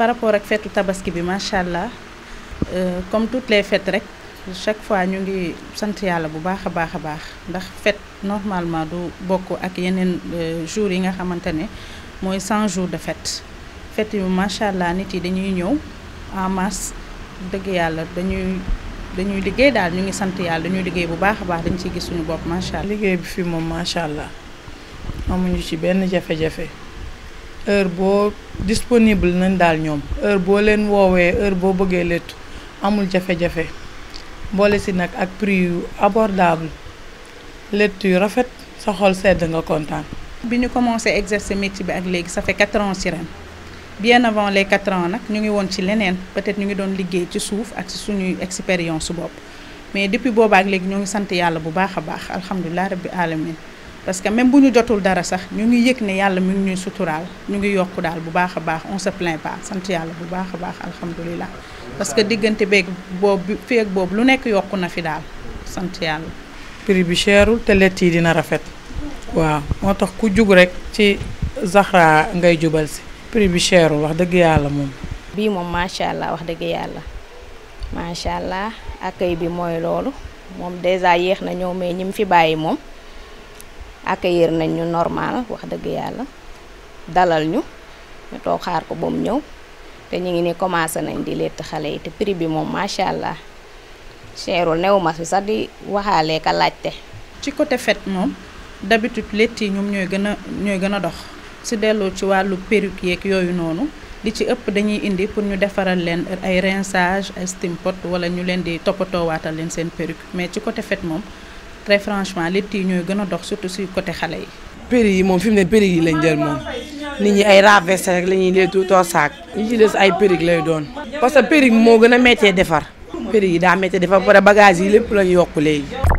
par rapport ak feetu tabaski bi macha allah euh, comme toutes les fêtes rek chaque fois ñu ngi sant yàlla bu baax a baax a baax ndax fête normalement du bokk ak yeneen euh, jours yi nga xamante ne mooy 100 jour de fête fete yi macha allah nit yi dañuy ñëw en masse dëgg yàlla dañuy dañuy liggéey daal ñu ngi sant yàlla dañuy liggéey bu baax a baax dañ ciy gis suñu bopp macha allah. liggéey bi fii moom macha allah amuñu ci benn jafe-jafe. heure boo disponible nañ daal ñoom heure boo leen woowee heure boo bëggee léttu amul jafe-jafe boole si nag ak prix yu abordable léttu yu rafet sa xol sedd nga kontaan. bi ñu commencé exercer métier bi ak léegi ça fait quatre ans ci ren bien avant les quatre ans nag ñu ngi woon ci leneen peut-être ñu ngi doon liggéey ci suuf ak ci suñuy expérience bopp mais depuis booba ak léegi ñoo ngi sant yàlla bu baax a baax alhamdulilah rabbi alamin parce que même bu ñu jotul dara sax ñu ngi yëg ne yàlla mi ñuy suturaal ñu ngi yokk daal bu baax a baax on se plaint pas sant yàlla bu baax a baax alhamdulilah parce que diggante beeg boobu feeg boobu lu nekk yokku na fi daal sant yàlla. prix bi cherul te lett yi dina rafet. waaw moo tax ku jug rek ci Zahra ngay jubal si. prix bi cherul wax dëgg yàlla moom. bii moom macha allah wax dëgg yàlla macha allah accueil bi mooy loolu moom dèjà yéex na ñëw mais ñi fi bàyyi moom. accueillir nañ ñu normal wax dëgg yàlla dalal ñu ñu toog xaar ko ba ñëw te ñu ngi ni commencé nañ di lett xale yi te prix bi moom macha allah cherul new mas bi sax di waxaalee ka laajte. ci côté fête moom d'habitude lett yi ñoom ñooy gën a ñooy gën a dox si delloo ci wàllu perruque yeeg yooyu noonu li ci ëpp dañuy indi pour ñu defaral leen ay rinçage ay steam pot wala ñu leen di toppatoo waatal leen seen perruque mais ci côté fête moom. très franchement létt yi ñooy gën a dox surtout si côté xale yi. péri yi moom fi ne péri yi lañ jël moom nit ñi ay ravest rek la ñuy leetu too saak ñi ci des ay péri lay doon parce que péri moo gën a méttee defar péri yi daa méttee defar ba pare bagage yi lépp lañ yokk léegi.